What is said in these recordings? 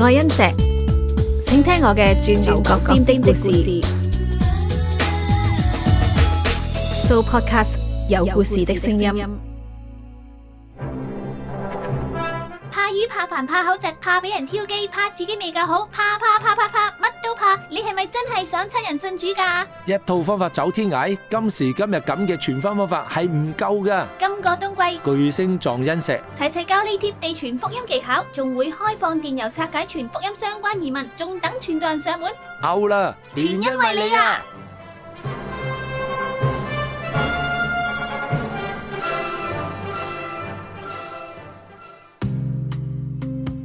愛恩石，請聽我嘅轉轉角尖尖的故事。So podcast 有故事的聲音。怕魚怕煩怕口窒，怕俾人挑機，怕自己未夠好，怕怕怕怕怕，怕，乜都怕。你係咪真係想親人信主噶？一套方法走天涯，今時今日咁嘅傳福音方法係唔夠噶。今個冬季巨星撞恩石，齊齊教呢貼地傳福音技巧，仲會開放電郵拆解傳福音相關疑問，仲等傳道人上門。嘔啦，全因為你啊！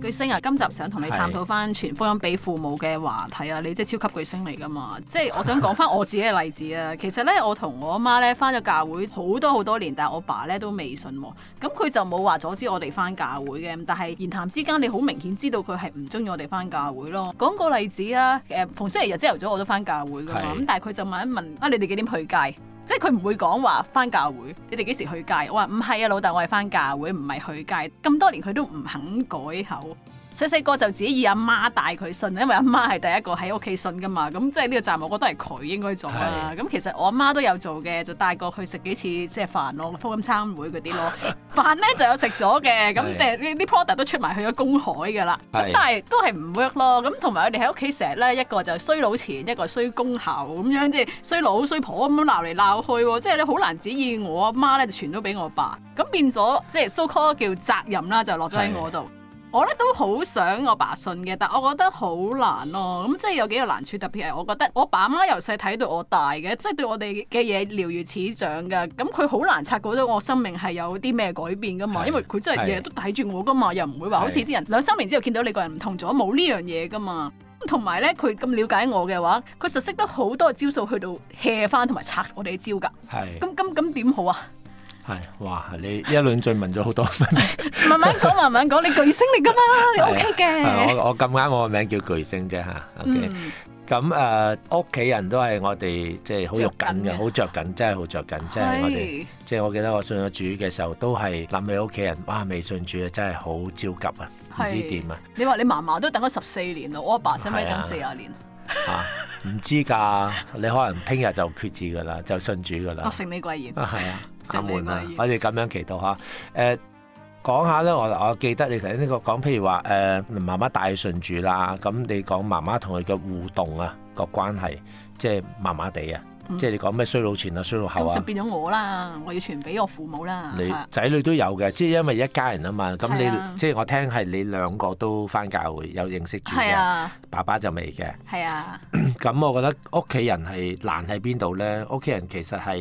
巨星啊！今集想同你探討返全方位俾父母嘅話題啊！是你即係超級巨星嚟㗎嘛？即係我想講返我自己嘅例子啊！ 其實呢，我同我阿媽呢返咗教會好多好多年，但係我爸呢都未信喎。咁佢就冇話阻止我哋返教會嘅，但係言談之間，你好明顯知道佢係唔中意我哋返教會咯。講個例子啊、呃，逢星期日朝頭早我都返教會㗎嘛，咁是但係佢就問一問啊，你哋幾點去街？即係佢唔會講話返教會，你哋幾時去街？我話唔係啊，老豆，我係返教會，唔係去街。咁多年佢都唔肯改口。細細個就指意阿媽帶佢信，因為阿媽係第一個喺屋企信噶嘛，咁即係呢個站，我覺得係佢應該做啦。咁是其實我阿媽都有做嘅，就帶過去食幾次即係飯風咯，福音餐會嗰啲咯。飯咧就有食咗嘅，咁誒啲 product 都出埋去咗公海噶啦。咁是但係都係唔 work 咯。咁同埋我哋喺屋企成日咧，一個就衰老前，一個衰公後咁樣即係衰老衰婆咁樣鬧嚟鬧去喎。即係你好難指意我阿媽咧，就傳咗俾我爸。咁變咗即係 so called 叫責任啦，就落咗喺我度。我咧都好想我爸信嘅，但我覺得好難咯、哦。咁、嗯、即係有幾個難處，特別係我覺得我爸媽由細睇到我大嘅，即係對我哋嘅嘢了如指掌嘅。咁佢好難察覺到我生命係有啲咩改變噶嘛，是因為佢真係日日都睇住我噶嘛，是又唔會話好似啲人兩三年之後見到你個人唔同咗，冇呢樣嘢噶嘛。同埋咧，佢咁了解我嘅話，佢實識得好多招數去到卸翻同埋拆我哋嘅招㗎。咁咁咁點好啊？係，哇！你一輪嘴問咗好多問題 慢慢講，慢慢講，你巨星嚟噶嘛？你 O K 嘅。我我咁啱，我個名叫巨星啫吓、嗯、OK，咁誒，屋、呃、企人都係我哋即係好肉緊嘅，好着緊，緊，真係好着緊。是即係我哋，即係我記得我信咗主嘅時候，都係諗起屋企人。哇！未信主啊，真係好焦急啊，唔是知點啊？你話你嫲嫲都等咗十四年啦，我阿爸使唔使等四十年？吓，唔、 啊、知噶，你可能聽日就決志噶啦，就信主噶啦。我聖李貴言啊，係啊，阿門啊，我哋咁樣祈禱吓。誒、啊，講下咧，我我記得你頭先呢個講，譬如話誒媽媽帶信主啦，咁你講媽媽同佢嘅互動啊個關係，即係麻麻地啊。即係你講咩衰老前啊，衰老後啊，就變咗我啦，我要傳俾我父母啦。你仔女都有嘅，即係因為一家人啊嘛。咁你的即係我聽係你兩個都返教會，有認識主嘅。的爸爸就未嘅。係啊的。咁 我覺得屋企人係難喺邊度咧？屋企人其實係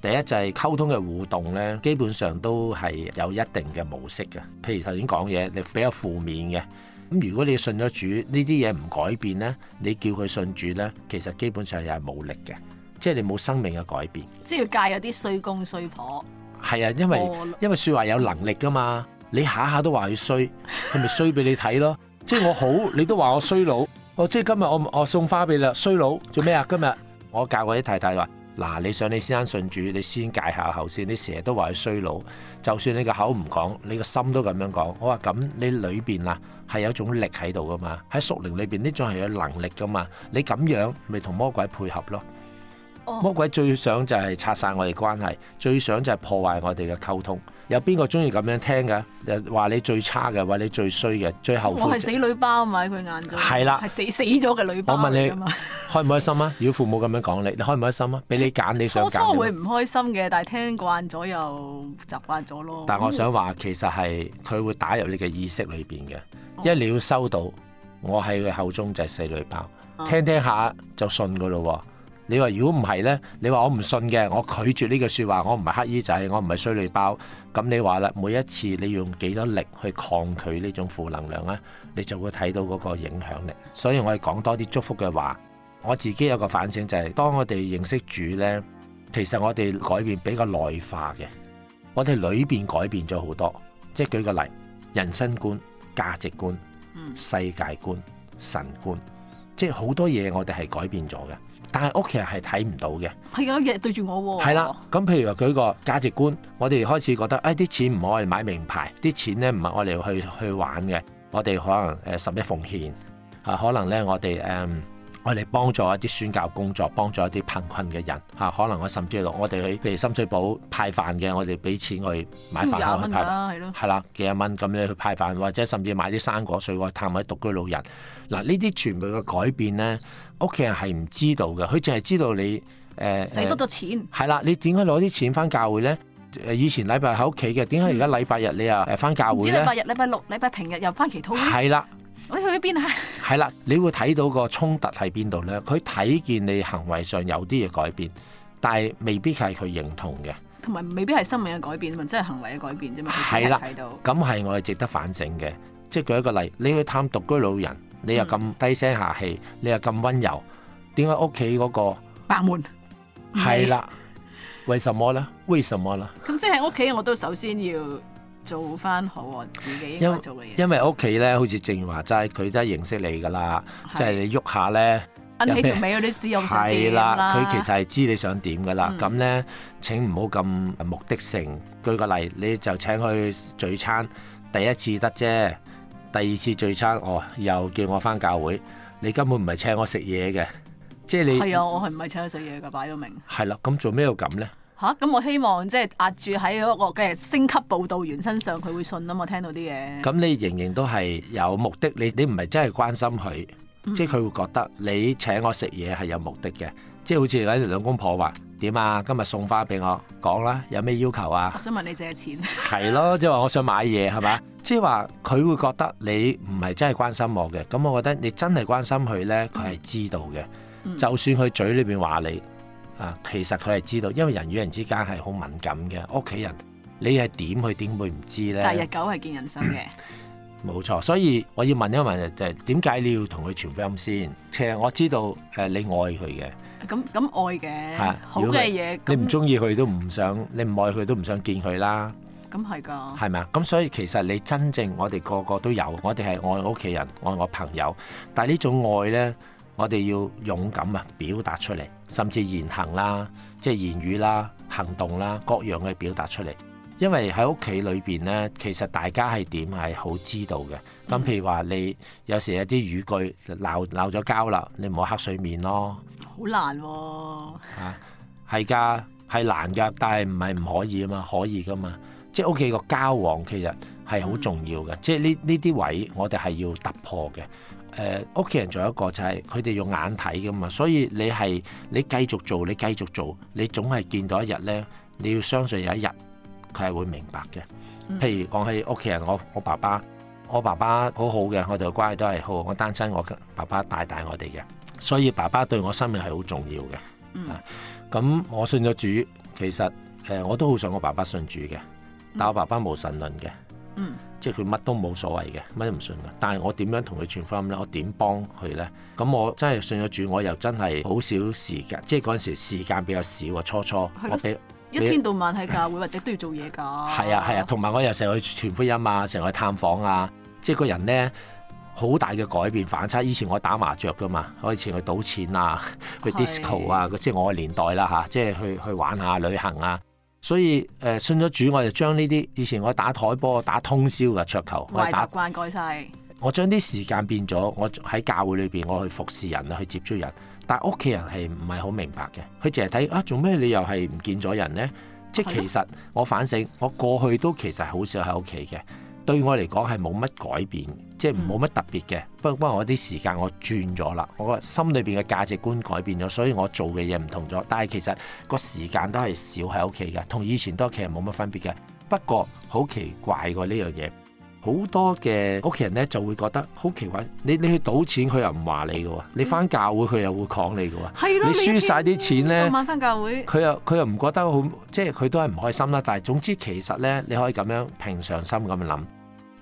第一就係、是、溝通嘅互動咧，基本上都係有一定嘅模式嘅。譬如頭先講嘢，你比較負面嘅。咁如果你信咗主，呢啲嘢唔改變咧，你叫佢信主咧，其實基本上又係冇力嘅。即係你冇生命嘅改變，即係要戒有啲衰公衰婆係啊，因為我因為說話有能力噶嘛，你下下都話佢衰，佢咪衰俾你睇咯。即係我好，你都話我衰佬。哦。即係今日我我送花俾你衰佬，做咩啊？今日我教我啲太太話嗱，你想你先生信主，你先戒下后先。你成日都話佢衰佬，就算你個口唔講，你個心都咁樣講。我話咁你裏邊啊係有種力喺度噶嘛？喺屬靈裏邊呢種係有能力噶嘛？你咁樣咪同魔鬼配合咯。魔鬼最想就係拆散我哋關係，最想就係破壞我哋嘅溝通。有邊個中意咁樣聽㗎？話你最差嘅，話你最衰嘅，最後悔。我係死女包嘛？佢眼中係啦，死死咗嘅女包。我問你開唔開心啊？如果父母咁樣講你，你開唔開心啊？俾你揀，欸、你想。初初會唔開心嘅，但係聽慣咗又習慣咗咯。但係我想話，其實係佢會打入你嘅意識裏邊嘅，一、哦、你要收到，我喺佢口中就係死女包，聽聽下就信噶咯。你話如果唔係呢？你話我唔信嘅，我拒絕呢句説話，我唔係黑衣仔，我唔係衰女包。咁你話啦，每一次你用幾多力去抗拒呢種負能量呢，你就會睇到嗰個影響力。所以我係講多啲祝福嘅話。我自己有個反省就係，當我哋認識主呢，其實我哋改變比較內化嘅，我哋裏邊改變咗好多。即係舉個例，人生觀、價值觀、世界觀、神觀。即係好多嘢，我哋係改變咗嘅，但係屋企人係睇唔到嘅。係啊，日日對住我喎。係啦，咁譬如話舉個價值觀，我哋開始覺得誒啲、哎、錢唔可以買名牌，啲錢咧唔係我哋去去玩嘅。我哋可能誒、呃、十一奉獻啊，可能咧我哋誒。呃我哋幫助一啲宣教工作，幫助一啲貧困嘅人嚇、啊。可能我甚至係我哋去譬如深水埗派飯嘅，我哋俾錢去買飯盒啦，幾廿蚊咁樣去派飯，或者甚至買啲生果水果、水果，探下獨居老人。嗱、啊，呢啲全部嘅改變咧，屋企人係唔知道嘅，佢淨係知道你誒使、呃、多咗錢。係啦，你點解攞啲錢返教會咧？以前禮拜喺屋企嘅，點解而家禮拜日你又誒返教會？禮拜、嗯、日、禮拜六、禮拜平日又返祈禱。係啦的。你去咗邊啊？係啦，你會睇到個衝突喺邊度咧？佢睇見你行為上有啲嘢改變，但係未必係佢認同嘅。同埋未必係生命嘅改變，咪真係行為嘅改變啫嘛？係啦，咁係我哋值得反省嘅。即係舉一個例，你去探獨居老人，你又咁低聲下氣，你又咁溫柔，點解屋企嗰個？白門係啦，為什麼咧？為什麼咧？咁即係喺屋企，我都首先要。做翻好我自己應該做嘅嘢。因因為屋企咧，好似正話齋，佢都係認識你噶啦，是即係你喐下咧，掹起條尾嗰啲事，又會點啦？佢的其實係知你想點噶啦。咁咧、嗯，請唔好咁目的性。舉個例，你就請佢聚餐，第一次得啫，第二次聚餐，哦，又叫我翻教會，你根本唔係請我食嘢嘅，即係你係啊，我係唔係請佢食嘢嘅，擺咗明。係啦，咁做咩要咁咧？嚇！咁我希望即係壓住喺嗰個嘅升級報道員身上，佢會信啊嘛！聽到啲嘢。咁你仍然都係有目的，你你唔係真係關心佢，即係佢會覺得你請我食嘢係有目的嘅，即係好似嗰兩公婆話點啊，今日送花俾我，講啦，有咩要求啊？我想問你借錢。係咯，即係話我想買嘢係嘛？即係話佢會覺得你唔係真係關心我嘅，咁我覺得你真係關心佢呢，佢係知道嘅。就算佢嘴裏邊話你。啊，其實佢係知道，因為人與人之間係好敏感嘅，屋企人你係點，佢點會唔知咧？但係日久係見人心嘅，冇錯。所以我要問一問，就係點解你要同佢傳福音先？其實我知道誒，你愛佢嘅，咁咁愛嘅，好嘅嘢。你唔中意佢都唔想，你唔愛佢都唔想見佢啦。咁係噶，係咪啊？咁所以其實你真正我哋個個都有，我哋係愛我屋企人，愛我朋友，但係呢種愛咧。我哋要勇敢啊，表達出嚟，甚至言行啦，即係言語啦、行動啦，各樣嘅表達出嚟。因為喺屋企裏邊咧，其實大家係點係好知道嘅。咁譬如話，你有時有啲語句鬧鬧咗交啦，你唔好黑水面咯。好難喎、哦。嚇、啊，係㗎，係難㗎，但係唔係唔可以啊嘛？可以㗎嘛？即係屋企個交往其實係好重要嘅，嗯、即係呢呢啲位我哋係要突破嘅。誒屋企人仲有一個就係佢哋用眼睇㗎嘛，所以你係你繼續做，你繼續做，你總係見到一日咧，你要相信有一日佢係會明白嘅。譬如講起屋企人，我我爸爸，我爸爸好好嘅，我哋嘅關係都係好好。我單親，我爸爸帶大我哋嘅，所以爸爸對我生命係好重要嘅。咁、啊、我信咗主，其實誒、呃、我都好想我爸爸信主嘅，但我爸爸無神論嘅。嗯，即係佢乜都冇所謂嘅，乜都唔信嘅。但係我點樣同佢傳福音咧？我點幫佢咧？咁我真係信咗主，我又真係好少時間，即係嗰陣時時間比較少啊。初初的我比一天到晚喺教會、嗯、或者都要做嘢噶。係啊係啊，同埋的我又成日去傳福音啊，成日去探訪啊。即係個人咧，好大嘅改變反差。以前我打麻雀噶嘛，我以前去賭錢啊，去 disco 啊，的啊，即係我嘅年代啦吓。即係去去玩下旅行啊。所以誒信咗主，我就將呢啲以前我打台波、打通宵嘅桌球，為習慣改晒。我將打啲時間變咗，我喺教會裏邊我去服侍人啊，去接觸人。但屋企人係唔係好明白嘅？佢淨係睇啊，做咩你又係唔見咗人呢？即係其實我反省，我過去都其實好少喺屋企嘅。對我嚟講係冇乜改變。即係冇乜特別嘅，不過不過我啲時間我轉咗啦，我個心裏面嘅價值觀改變咗，所以我做嘅嘢唔同咗。但係其實個時間都係少喺屋企嘅，同以前多屋企人冇乜分別嘅。不過好奇怪喎，呢樣嘢，好多嘅屋企人呢就會覺得好奇怪。你你去賭錢佢又唔話你㗎喎，你返教會佢又會講你㗎喎，嗯、你輸晒啲錢呢，晚返教會佢又佢又唔覺得好，即係佢都係唔開心啦。但係總之其實呢你可以咁樣平常心咁樣諗。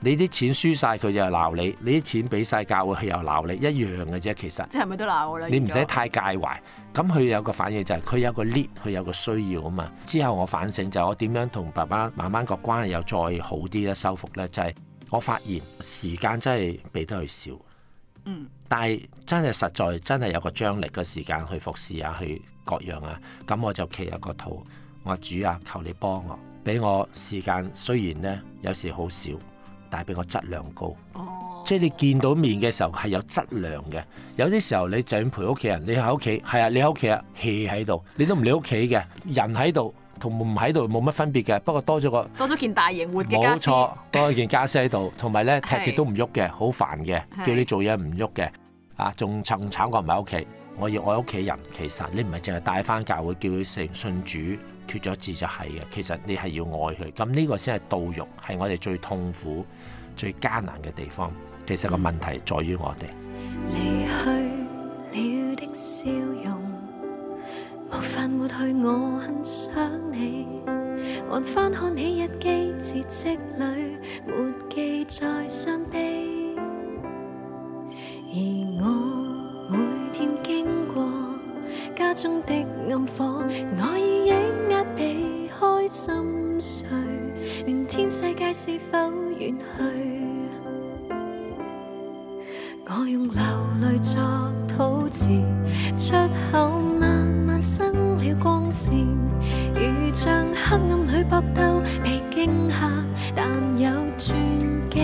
你啲錢輸晒，佢又鬧你；你啲錢俾晒教會，佢又鬧你，一樣嘅啫。其實即係咪都鬧我，你唔使太介懷。咁佢、嗯、有個反應就係佢有個 need 佢有個需要啊嘛。之後我反省就係我點樣同爸爸慢慢個關係又再好啲咧，修復咧就係、是、我發現時間真係俾得佢少，嗯、但係真係實在真係有個張力嘅時間去服侍啊，去各樣啊。咁我就企入個肚，我主啊，求你幫我俾我時間。雖然咧有時好少。帶俾我質量高，即係你見到面嘅時候係有質量嘅。有啲時候你就算陪屋企人，你喺屋企係啊，你喺屋企啊 hea 喺度，你都唔理屋企嘅人喺度同唔喺度冇乜分別嘅。不過多咗個多咗件大型活嘅冇錯，多咗件家私喺度，同埋咧踢極都唔喐嘅，好煩嘅，叫你做嘢唔喐嘅啊，仲慘過唔喺屋企。我要愛屋企人，其實你唔係淨係帶翻教會叫佢成信主。缺咗字就係嘅，其實你係要愛佢，咁呢個先係道欲，係我哋最痛苦、最艱難嘅地方。其實個問題在於我哋。離去了的笑容無法抹去，我很想你，還翻看起日記，字跡裡沒記載傷悲，而我每天經家中的暗火，我已抑壓避開心碎。明天世界是否遠去？我用流淚作禱詞，出口慢慢生了光線。如像黑暗裏搏鬥，被驚嚇，但有轉機。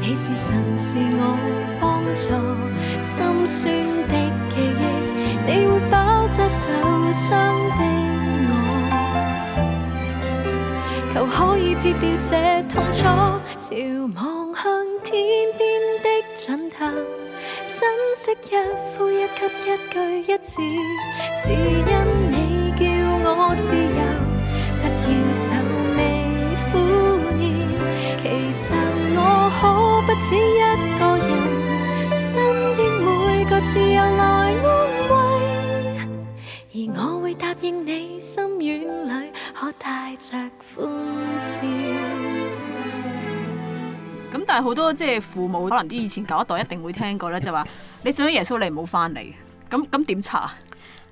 你是神，是我幫助心酸的。記憶，你會包紮受傷的我，求可以撇掉這痛楚。朝望向天邊的盡頭，珍惜一呼一吸，一句一字，是因你叫我自由，不要愁眉苦臉。其實我可不止一個人，身邊。個自由來安慰，而我會答應你心願，心軟裏可帶着歡笑。咁 但係好多即係父母，可能啲以前舊一代一定會聽過咧，就話、是、你信咗耶穌，你唔好翻嚟。咁咁點查？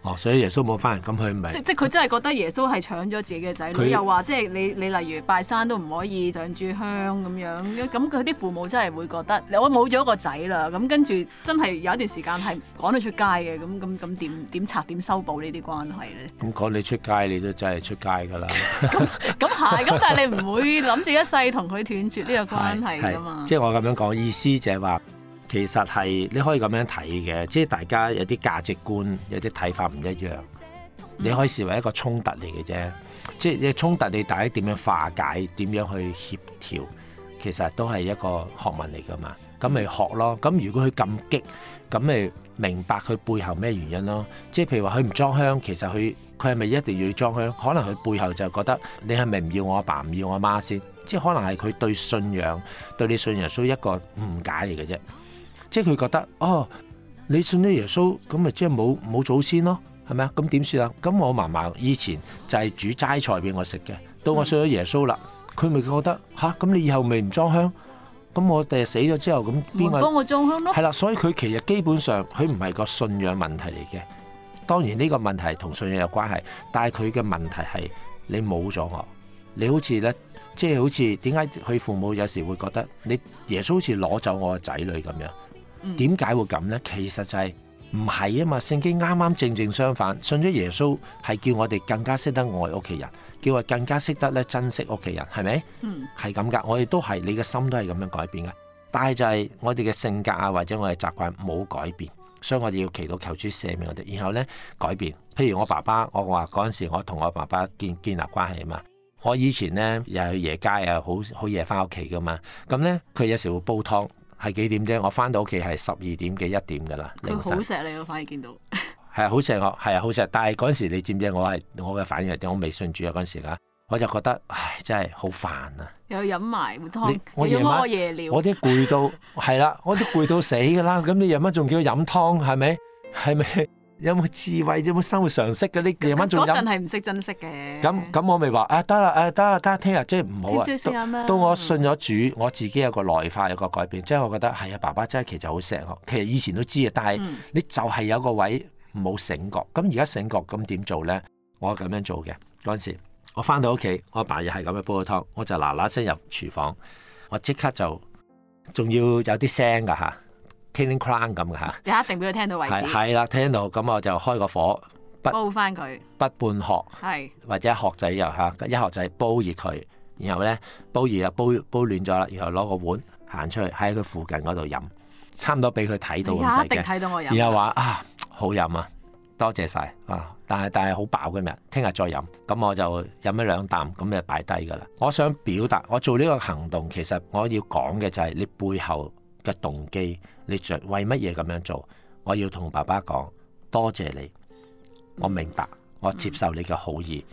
哦，所以耶穌冇返嚟，咁佢唔係即即佢真係覺得耶穌係搶咗自己嘅仔女，他你又話即係你你例如拜山都唔可以上柱香咁樣，咁佢啲父母真係會覺得我冇咗個仔啦，咁跟住真係有一段時間係趕你出街嘅，咁咁咁點點拆點修補呢啲關係咧？咁趕、嗯、你出街，你都真係出街噶啦。咁咁係，咁但係你唔會諗住一世同佢斷絕呢個關係噶嘛？即係我咁樣講意思，就係話。其實係你可以咁樣睇嘅，即係大家有啲價值觀，有啲睇法唔一樣。你可以視為一個衝突嚟嘅啫，即係你嘅衝突你大家點樣化解，點樣去協調，其實都係一個學問嚟噶嘛。咁咪學咯。咁如果佢咁激，咁咪明白佢背後咩原因咯？即係譬如話佢唔裝香，其實佢佢係咪一定要裝香？可能佢背後就覺得你係咪唔要我阿爸唔要我阿媽先？即係可能係佢對信仰對你信仰需要一個誤解嚟嘅啫。即係佢覺得哦，你信咗耶穌，咁咪即係冇冇祖先咯，係咪啊？咁點算啊？咁我嫲嫲以前就係煮齋菜俾我食嘅，到我信咗耶穌啦，佢咪覺得吓，咁你以後咪唔裝香，咁我哋死咗之後咁邊個幫我裝香咯。係啦，所以佢其實基本上佢唔係個信仰問題嚟嘅。當然呢個問題同信仰有關係，但係佢嘅問題係你冇咗我，你好似咧，即係好似點解佢父母有時會覺得你耶穌好似攞走我個仔女咁樣？點解會咁呢？其實就係唔係啊嘛，聖經啱啱正正相反，信咗耶穌係叫我哋更加識得愛屋企人，叫佢更加識得咧珍惜屋企人，係咪？嗯，係咁噶，我哋都係你嘅心都係咁樣改變噶，但係就係我哋嘅性格啊或者我哋習慣冇改變，所以我哋要祈禱求主赦免我哋，然後呢改變。譬如我爸爸，我話嗰陣時我同我爸爸建建立關係啊嘛，我以前呢，又去夜街又好好夜翻屋企噶嘛，咁呢，佢有時會煲湯。係幾點啫？我翻到屋企係十二點幾一點㗎啦。佢好錫你咯，反而見到。係 啊，好錫我，係啊，好錫。但係嗰陣時你知唔知我係我嘅反應係點？我微信住啊嗰陣時啊，我就覺得唉，真係好煩啊！又要飲埋碗湯，我要夜料。我啲攰到係啦， 我啲攰到死㗎啦。咁你飲乜仲叫飲湯係咪？係咪？有冇智慧，有冇生活常識嘅？你夜晚仲飲嗰陣係唔識珍惜嘅。咁咁我咪話啊得啦，啊得啦，得聽日即係唔好啊。到我信咗主，我自己有個內化，有個改變。即係我覺得係啊、哎，爸爸真係其實好錫我。其實以前都知嘅，但係你就係有個位冇醒覺。咁而家醒覺咁點做咧？我咁樣做嘅嗰陣時我，我翻到屋企，我阿爸又係咁樣煲個湯，我就嗱嗱聲入廚房，我即刻就仲要有啲聲噶嚇。吓聽到 crunch 咁嘅嚇，你一定俾佢聽到位置。係啦，聽到咁我就開個火煲翻佢，不，不半殼，係是或者殼仔又嚇，一殼仔煲熱佢，然後咧煲熱又煲煲暖咗啦，然後攞個碗行出去喺佢附近嗰度飲，差唔多俾佢睇到一,一定睇到我飲。然後話啊，好飲啊，多謝晒，啊，但係但係好飽嘅咩？聽日再飲，咁我就飲咗兩啖，咁就擺低㗎啦。我想表達，我做呢個行動，其實我要講嘅就係你背後。嘅動機，你著為乜嘢咁樣做？我要同爸爸講，多謝你，我明白，我接受你嘅好意。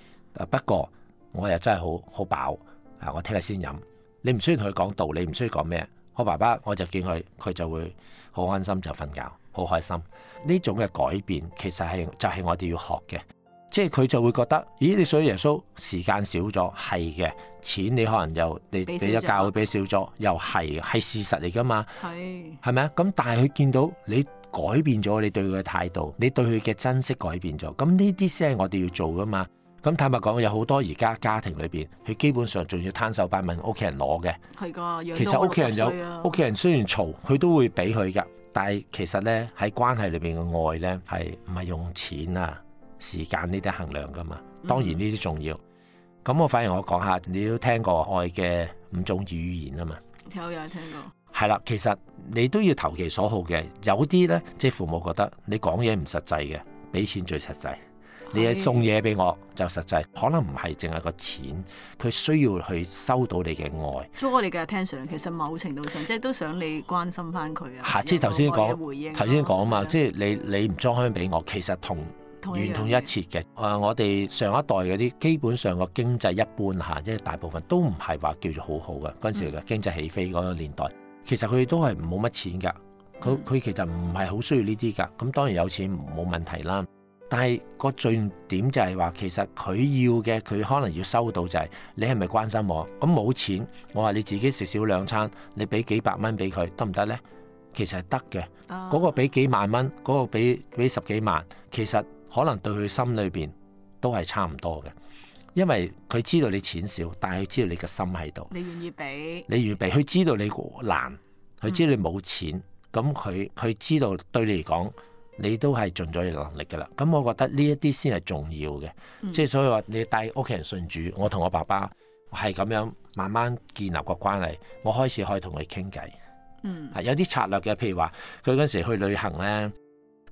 不過我又真係好好飽啊，我聽日先飲。你唔需要同佢講道理，唔需要講咩。我爸爸我就見佢，佢就會好安心就瞓覺，好開心。呢種嘅改變，其實係就係、是、我哋要學嘅。即係佢就會覺得，咦？你信耶穌時間少咗，係嘅。錢你可能又俾俾咗教，俾少咗，又係係事實嚟噶嘛，係係咪啊？咁但係佢見到你改變咗，你對佢嘅態度，你對佢嘅珍惜改變咗，咁呢啲先係我哋要做噶嘛？咁坦白講，有好多而家家庭裏邊，佢基本上仲要攤手板問屋企人攞嘅。係噶，其實屋企人有屋企人雖然嘈，佢都會俾佢噶。但係其實呢，喺關係裏邊嘅愛呢，係唔係用錢啊、時間呢啲衡量噶嘛？當然呢啲重要。嗯咁我反而我講下，你都聽過愛嘅五種語言啊嘛，有有聽過？係啦，其實你都要投其所好嘅，有啲咧即係父母覺得你講嘢唔實際嘅，俾錢最實際，你係送嘢俾我就實際，可能唔係淨係個錢，佢需要去收到你嘅愛。所以我哋嘅日聽上，其實某程度上即係都想你關心翻佢啊。係下次，即係頭先講，頭先講啊嘛，的即係你你唔裝香俾我，其實同。統一， 一切嘅，啊！我哋上一代嗰啲基本上個經濟一般嚇，即係大部分都唔係話叫做好好嘅嗰陣時嘅、嗯、經濟起飛嗰個年代，其實佢都係冇乜錢㗎。佢佢其實唔係好需要呢啲㗎。咁、嗯、當然有錢冇問題啦。但係個重點就係話，其實佢要嘅佢可能要收到就係、是、你係咪關心我？咁冇錢，我話你自己食少兩餐，你俾幾百蚊俾佢得唔得呢？其實係得嘅。嗰、嗰個俾幾萬蚊，嗰、嗰個俾俾十幾萬，其實。可能對佢心裏邊都係差唔多嘅，因為佢知道你錢少，但係佢知道你嘅心喺度。你願意俾，你願意俾，佢知道你難，佢知道你冇錢，咁佢佢知道對你嚟講，你都係盡咗能力㗎啦。咁我覺得呢一啲先係重要嘅，即係、嗯、所以話你帶屋企人信主，我同我爸爸係咁樣慢慢建立個關係，我開始可以同佢傾偈。嗯，啊、有啲策略嘅，譬如話佢嗰陣時去旅行咧，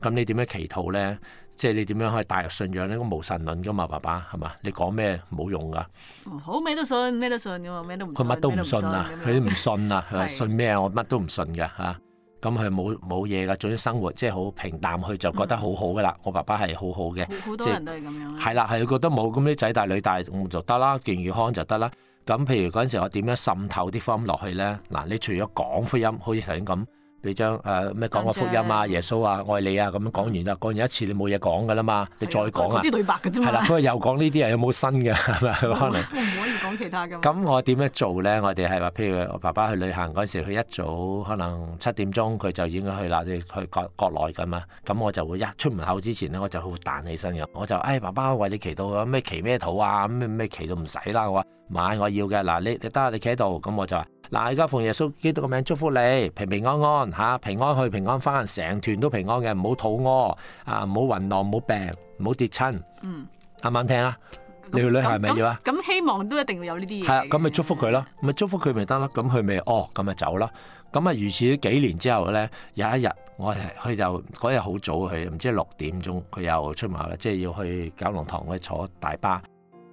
咁你點樣祈禱咧？即係你點樣可以帶入信仰呢？咧？個無神論㗎嘛，爸爸係嘛？你講咩冇用㗎、哦？好咩都信，咩都信㗎嘛，咩都唔佢乜都唔信啦，佢都唔信啦。 信咩啊？我乜都唔信嘅嚇。咁佢冇冇嘢㗎。總之生活即係好平淡，佢就覺得好好㗎啦。嗯、我爸爸係好好嘅，好、嗯、是多人都係咁樣。係啦，係佢覺得冇咁啲仔大女大就得啦，健健康就得啦。咁譬如嗰陣時我點樣滲透啲福落去咧？嗱，你除咗講福音，好似頭先咁。你將誒咩講個福音啊？耶穌啊，愛你啊，咁樣講完啦，講完一次你冇嘢講嘅啦嘛，的你再講啊，啲對,對白嘅啫嘛。係啦，佢又講呢啲人有冇新嘅？係咪可能？唔可以講其他嘅。咁我點樣做咧？我哋係話，譬如我爸爸去旅行嗰陣時，佢一早可能七點鐘佢就已經去嗱啲去,去國國內咁啊。咁我就會一出門口之前咧，我就好彈起身嘅。我就誒、哎、爸爸，我為你祈禱啊，咩祈咩土啊，咩咩祈到唔使啦，我話買我要嘅嗱，你得你企喺度，咁、嗯、我就話。嗯嗱，而家奉耶穌基督個名祝福你，平平安安嚇，平安去，平安翻，成團都平安嘅，唔好肚屙，啊唔好暈浪，唔好病，唔好跌親。嗯，啱唔啱聽啊？你去旅行係咪要啊？咁希望都一定會有呢啲嘢。係啊，咁咪祝福佢咯，咪祝福佢咪得咯。咁佢咪哦，咁咪走咯。咁啊，如此幾年之後咧，有一日我佢就嗰日好早，佢唔知六點鐘佢又出馬啦，即係要去九龍塘去坐大巴。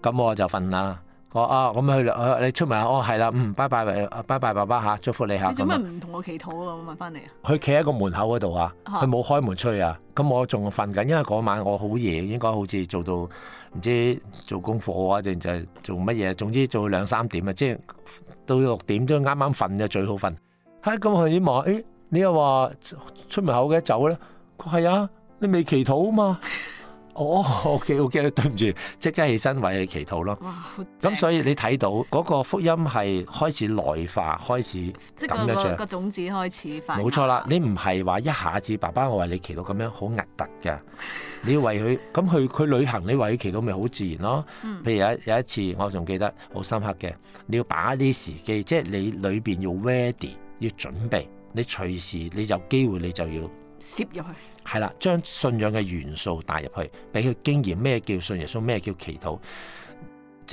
咁我就瞓啦。我啊，咁去、啊，你出門口，係、啊、啦，嗯，拜拜，拜拜，爸爸吓，祝福你吓。咁點解唔同我祈禱啊？我問翻你啊。佢企喺個門口嗰度啊，佢冇開門出去啊。咁、啊、我仲瞓緊，因為嗰晚我好夜，應該好似做到唔知做功課啊，定就係做乜嘢？總之做到兩三點啊，即係到六點都啱啱瞓就最好瞓。嚇、哎，咁佢已經望？誒、哎，你又話出門口嘅一走咧？佢係啊，你未祈禱啊嘛？ 哦、oh，OK，OK，okay, okay。對唔住，即刻起身為佢祈禱咯。哇，咁、啊、所以你睇到嗰個福音係開始內化，開始咁、那個、樣長。個種子開始化。冇錯啦，你唔係話一下子，爸爸我為你祈禱咁樣好核突嘅，你要為佢咁，佢佢旅行你為佢祈禱咪好自然咯。譬、嗯、如有有一次我仲記得好深刻嘅，你要把握啲時機，即係你裏邊要 ready 要準備，你隨時你有機會你就要攝入去。係啦，將信仰嘅元素帶入去，俾佢經驗咩叫信耶穌，咩叫祈禱。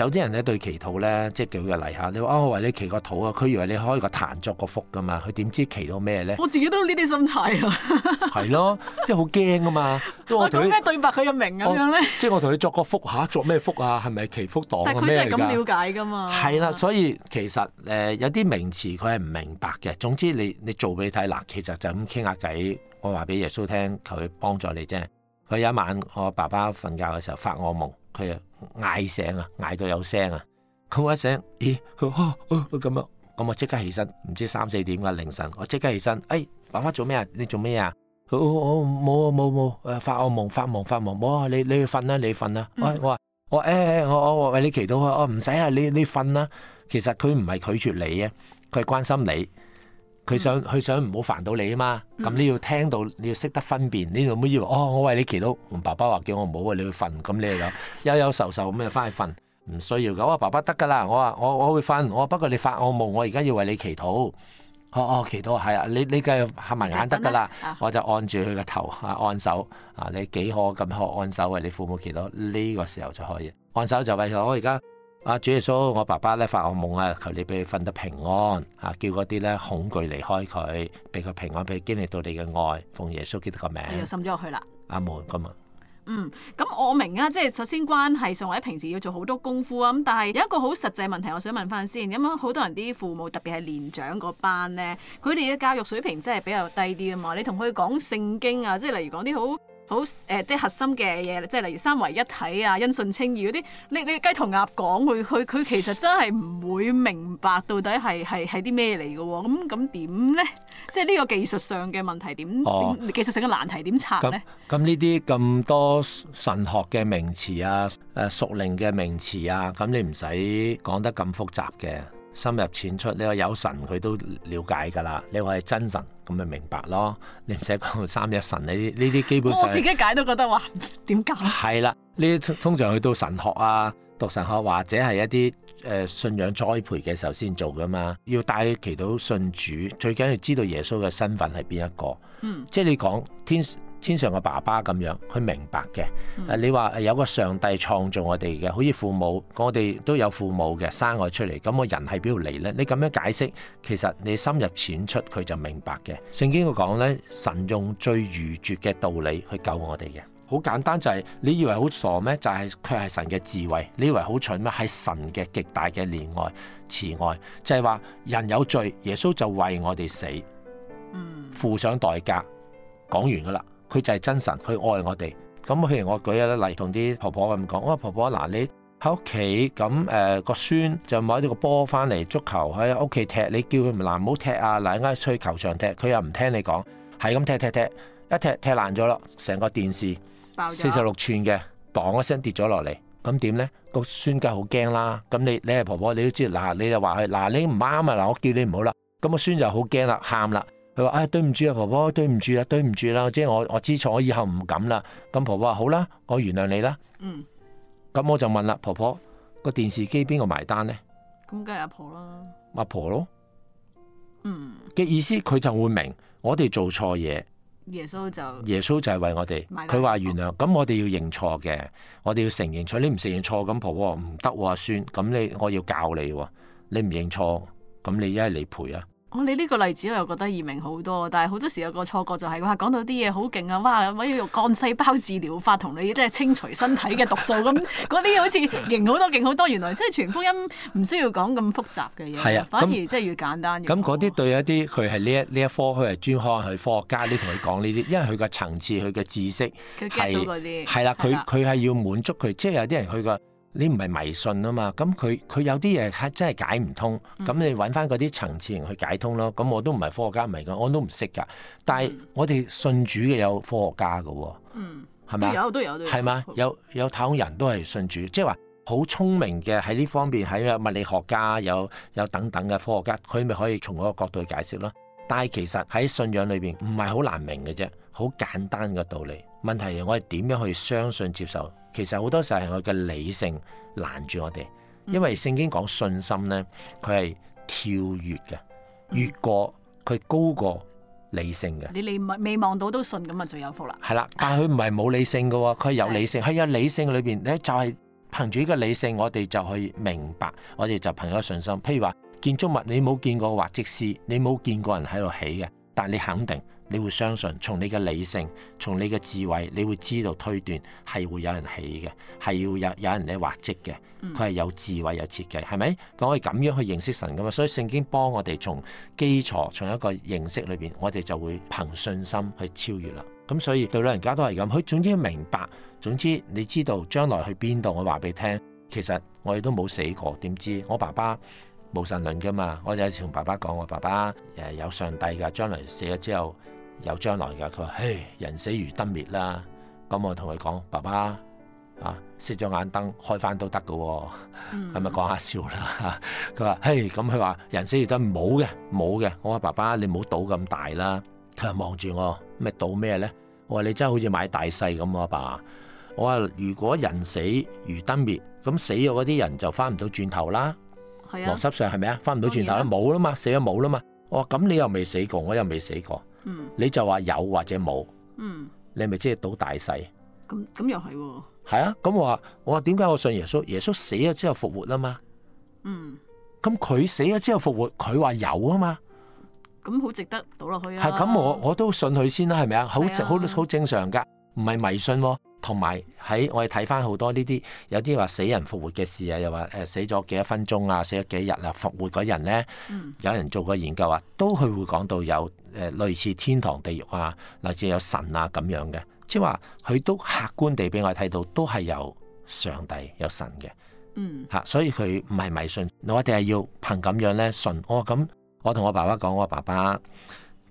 有啲人咧對祈禱咧，即叫個例下，你話啊、哦，我為你祈個禱啊，佢以為你開個壇作個福噶嘛。佢點知祈到咩咧？我自己都有呢啲心態啊。係 咯，即係好驚啊嘛。我講咩對白佢又明咁樣咧。即係我同你作個福吓、啊，作咩福啊？係咪祈福黨？但佢係咁了解噶嘛？係啦，所以其實誒、呃、有啲名詞佢係唔明白嘅。總之你你做俾你睇嗱，其實就咁傾下偈。我話俾耶穌聽，求佢幫助你啫。佢有一晚我爸爸瞓覺嘅時候發惡夢，佢又。嗌醒啊！嗌到有聲啊！佢我一醒，咦，吓，哦、咁，哦、樣，咁我即刻起身，唔知三四點噶凌晨，我即刻起身，哎，爸爸做咩，哦哦哦、啊？發發發哦、你做咩啊？我冇啊冇冇，誒，哎，發惡夢，發夢發夢，冇啊，你、哦、你，你，你去瞓啦，你瞓啦，我我我誒我我為你祈禱啊，我唔使啊，你你瞓啦，其實佢唔係拒絕你啊，佢係關心你。佢想佢想唔好煩到你啊嘛，咁你要聽到，你要識得分辨，你要唔要以為？哦、oh,，我為你祈禱。爸爸話叫我唔好為你去瞓，咁你就悠悠愁愁咁就翻去瞓，唔需要噶、oh,。我爸爸得噶啦，我話我我會瞓，我,我不過你發惡夢，我而家要為你祈禱。哦、oh, oh,，祈禱係啊，你你嘅合埋眼得噶啦，我就按住佢個頭啊按手啊，你幾可咁可按手為你父母祈禱呢、這個時候就可以，按手就為咗我而家。啊，主耶穌，我爸爸咧發我夢啊，求你俾佢瞓得平安啊，叫嗰啲咧恐懼離開佢，俾佢平安，俾佢經歷到你嘅愛。奉耶穌基督嘅名。又滲咗入去啦。阿門咁啊。嗯，咁我明啊，即係首先關係上或者平時要做好多功夫啊，咁但係有一個好實際問題，我想問翻先。咁樣好多人啲父母，特別係年長嗰班咧，佢哋嘅教育水平真係比較低啲啊嘛，你同佢講聖經啊，即係例如講啲好。好誒，啲、呃、核心嘅嘢，即係例如三位一體、啊、因信稱義嗰啲，你你雞同鴨講，佢佢佢其實真係唔會明白到底係係係啲咩嚟嘅喎，咁咁點咧？即係呢個技術上嘅問題點、哦？技術上嘅難題點拆咧？咁呢啲咁多神學嘅名詞啊，誒屬靈嘅名詞啊，咁你唔使講得咁複雜嘅。深入淺出，你話有神佢都了解噶啦，你話係真神咁咪明白咯。你唔使講三一神呢啲呢啲基本上， 我自己解都覺得話點解？係啦，呢通，通常去到神學啊、讀神學或者係一啲誒、呃、信仰栽培嘅時候先做噶嘛，要帶祈禱信主，最緊要知道耶穌嘅身份係邊一個。嗯，即係你講天。天上嘅爸爸咁樣，佢明白嘅。誒、啊，你話有個上帝創造我哋嘅，好似父母，我哋都有父母嘅生我出嚟。咁我人喺邊度嚟呢？你咁樣解釋，其實你深入淺出，佢就明白嘅。聖經佢講呢，神用最愚拙嘅道理去救我哋嘅。好簡單就係、是，你以為好傻咩？就係佢係神嘅智慧。你以為好蠢咩？係神嘅極大嘅憐愛、慈愛。就係、是、話人有罪，耶穌就為我哋死，嗯，付上代價。講完㗎喇。佢就係真神，佢愛我哋。咁譬如我舉一例，同啲婆婆咁講：，我婆婆嗱、啊，你喺屋企咁誒個孫就買咗個波翻嚟足球喺屋企踢，你叫佢唔嗱唔好踢啊！嗱、啊，應、啊、該去球場踢，佢又唔聽你講，係咁踢踢踢，一踢踢爛咗咯，成個電視四十六寸嘅，嘣一聲跌咗落嚟，咁點呢？個孫梗係好驚啦。咁你你係婆婆，你都知嗱、啊，你就話佢嗱，你唔啱啊！嗱，我叫你唔好啦。咁、那個孫就好驚啦，喊啦。佢話：，哎，對唔住啊，婆婆，對唔住啦，對唔住啦，即係我我知錯，我以後唔敢啦。咁婆婆話好啦，我原諒你啦。嗯。咁我就問啦，婆婆個電視機邊個埋單咧？咁梗係阿婆啦。阿婆咯。嗯。嘅意思佢就會明我哋做錯嘢。耶穌就耶穌就係為我哋，佢話原諒，咁我哋要認錯嘅，我哋要承認錯。你唔承認錯，咁婆婆話唔得喎，算，咁你我要教你，你唔認錯，咁你一係你賠啊。我、哦、你呢個例子我又覺得易明好多，但係好多時有個錯覺就係話講到啲嘢好勁啊，哇！我要用幹細胞治療法同你即係清除身體嘅毒素咁，嗰啲好似勁好多勁好多。原來即係傳福音唔需要講咁複雜嘅嘢，啊嗯、反而即係越簡單越。咁嗰啲對一啲，佢係呢一呢一科，佢係專科，佢係科學家，你同佢講呢啲，因為佢個層次佢嘅 知識啲。係啦，佢佢係要滿足佢，即係有啲人佢個。你唔係迷信啊嘛，咁佢佢有啲嘢係真係解唔通，咁你揾翻嗰啲層次人去解通咯。咁我都唔係科學家唔係㗎，我都唔識㗎。但係我哋信主嘅有科學家㗎喎，係咪啊？都有都吧好有，係嘛？有有太空人都係信主，即係話好聰明嘅，喺呢方面，喺物理學家有有等等嘅科學家，佢咪可以從嗰個角度去解釋咯。但係其實喺信仰裏邊唔係好難明嘅啫，好簡單嘅道理。問題係我係點樣去相信接受？其實好多時候係我嘅理性攔住我哋，因為聖經講信心咧，佢係跳躍嘅，越過佢高過理性嘅，嗯。你你未望到都信咁啊，最有福啦。係啦，但係佢唔係冇理性噶，佢係有理性，係的有理性裏邊咧就係憑住呢個理性，我哋就去明白，我哋就憑咗信心。譬如話建築物，你冇見過畫則師，你冇見過人喺度起嘅，但你肯定。你會相信，從你嘅理性，從你嘅智慧，你會知道推斷係會有人起嘅，係要有有人咧畫迹嘅，佢係有智慧，有設計，係咪？佢可以咁樣去認識神噶嘛？所以聖經幫我哋從基礎，從一個認識裏邊，我哋就會憑信心去超越啦。咁所以對老人家都係咁，佢總之明白，總之你知道將來去邊度，我話俾你聽，其實我哋都冇死過，點知我爸爸冇神論噶嘛？我就同爸爸講，我爸爸誒有上帝噶將來死咗之後。有將來㗎，佢話：嘿，人死如燈滅啦。咁我同佢講：爸爸，啊熄咗眼燈開翻都得嘅、哦，咁啊講下笑啦，佢話：嘿，咁佢話人死如燈冇嘅，冇嘅。我話：爸爸你唔好賭咁大啦。佢又望住我，咩賭咩咧？我話：你真係好似買大細咁喎，爸，爸。我話：如果人死如燈滅，咁死咗嗰啲人就翻唔到轉頭啦，邏輯上係咪啊？翻唔到轉頭啦，冇啦嘛，死咗冇啦嘛。我話：咁你又未死過，我又未死過。你就話有或者冇？嗯，嗯，你咪即係賭大細。咁咁又係喎，係啊，咁，啊，我話我話點解我信耶穌，耶穌死咗之後復活啊嘛。嗯，咁佢死咗之後復活，佢話有啊嘛，咁好值得賭落去啊，係咁我我都信佢先啦，係咪啊？好好好正常噶唔係迷信。同埋喺我哋睇翻好多呢啲有啲話死人復活嘅事啊，又話誒死咗幾多分鐘啊，死咗幾日啊，復活嗰人咧，嗯、有人做過研究啊，都佢會講到有誒類似天堂地獄啊，類似有神啊咁樣嘅，即係話佢都客觀地俾我哋睇到都係有上帝有神嘅，嗯嚇、啊，所以佢唔係迷信，我哋係要憑咁樣咧信。哦、我咁我同我爸爸講，我爸爸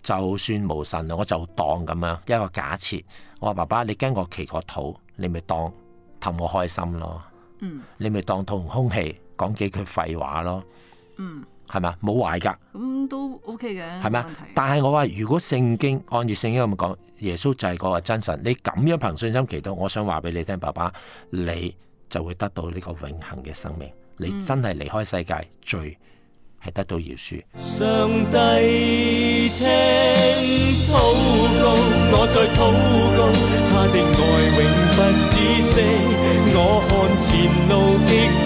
就算無神，我就當咁樣一個假設。我話爸爸你，你驚我祈個禱，你咪當氹我開心咯，嗯，你咪當同空氣講幾句廢話咯，嗯，係咪，冇壞噶，咁、嗯、都 O K 嘅，係嘛吧，但係我話如果聖經按住聖經咁講，耶穌就係個真神，你咁樣憑信心祈禱，我想話俾你聽，爸爸，你就會得到呢個永恆嘅生命，你真係離開世界最。係得到饒恕。上帝聽禱告，我在禱告，他的愛永不止息，我看前路極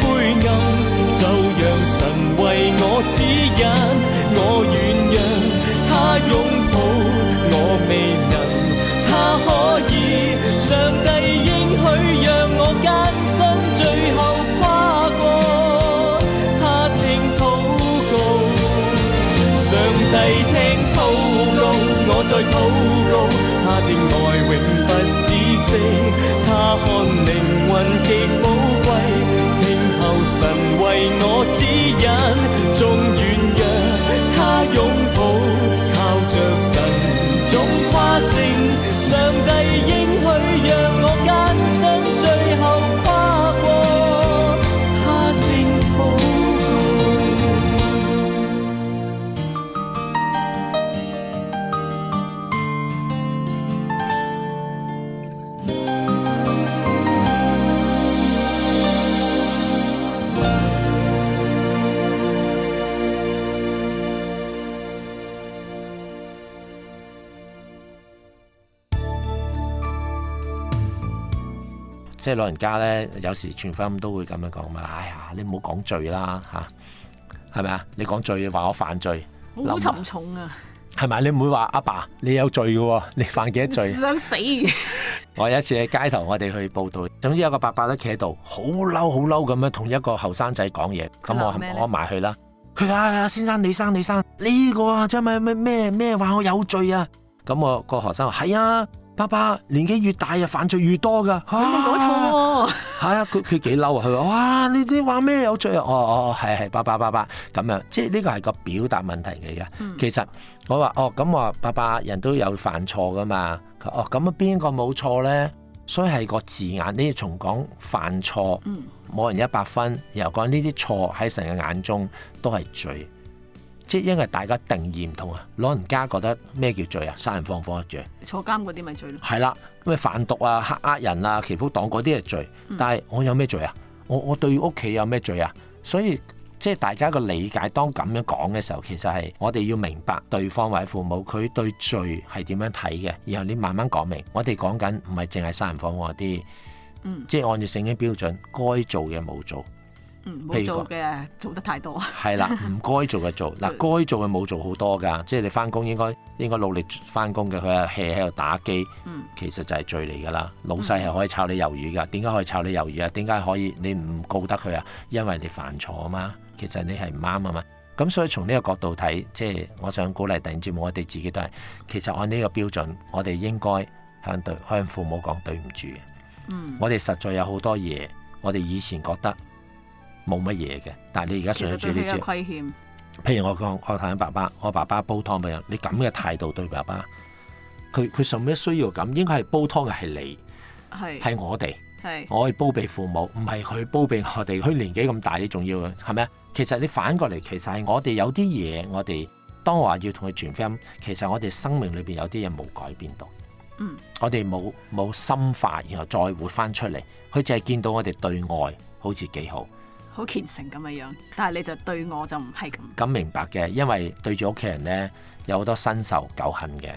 在禱告，他的愛永不止息。他看靈魂極寶貴，聽候神為我指引。縱願讓他擁。即係老人家咧，有時全翻都會咁樣講嘛。哎呀，你唔好講罪啦，吓，係咪啊？你講罪，話我犯罪，好沉重啊。係咪？你唔會話阿爸,爸，你有罪噶？你犯幾多罪？想死！ 我有一次喺街頭，我哋去佈道，總之有個伯伯咧企喺度，好嬲好嬲咁樣同一個後生仔講嘢。咁說我我埋去啦。佢話：，先生，你生你生呢、這個啊，真係咩咩咩話我有罪啊？咁我個學生話：係啊。爸爸年紀越大啊，犯罪越多噶。你冇講錯啊。係 啊，佢佢幾嬲啊。佢話哇，你你話咩有罪啊？哦哦，係係，爸爸爸爸咁樣，即係呢個係個表達問題嚟噶。其實我話哦，咁話爸爸人都有犯錯噶嘛。哦，咁啊邊個冇錯咧？所以係個字眼呢啲從講犯錯，冇人一百分。又講呢啲錯喺神嘅眼中都係罪。即係因為大家定義唔同啊，老人家覺得咩叫罪啊？殺人放火罪，坐監嗰啲咪罪咯。係啦，咁啊販毒啊、黑呃人啊、祈福黨嗰啲係罪。但係我有咩罪啊？我我對屋企有咩罪啊？所以即係大家個理解當咁樣講嘅時候，其實係我哋要明白對方或者父母，佢對罪係點樣睇嘅。然後你慢慢講明，我哋講緊唔係淨係殺人放火嗰啲，嗯、即係按照聖經標準該做嘅冇做。唔好做嘅做得太多，係 啦，唔該做嘅做嗱、呃，該做嘅冇做好多噶，即係你翻工應該應該努力翻工嘅。佢啊 hea 喺度打機，嗯、其實就係罪嚟噶啦。老細係可以炒你魷魚噶，點解可以炒你魷魚啊？點解可以你唔告得佢啊？因為你犯錯啊嘛。其實你係唔啱啊嘛。咁所以從呢個角度睇，即係我想鼓勵，突然之間我哋自己都係其實按呢個標準，我哋應該向對向父母講對唔住。嗯、我哋實在有好多嘢，我哋以前覺得。冇乜嘢嘅，但係你而家想住呢啲虧欠，譬如我講我睇緊爸爸，我爸爸煲湯俾人，你咁嘅態度對爸爸，佢佢甚咩需要咁？應該係煲湯嘅係你係是我哋，係是我可以煲俾父母，唔係佢煲俾我哋。佢年紀咁大，你仲要係咪？其實你反過嚟，其實係我哋有啲嘢，我哋當話要同佢傳福音，其實我哋生命裏邊有啲嘢冇改變到，嗯、我哋冇冇深化，然後再活翻出嚟，佢淨係見到我哋對外好似幾好。好虔誠咁嘅樣，但係你就對我就唔係咁。咁明白嘅，因為對住屋企人呢，有好多新仇舊恨嘅，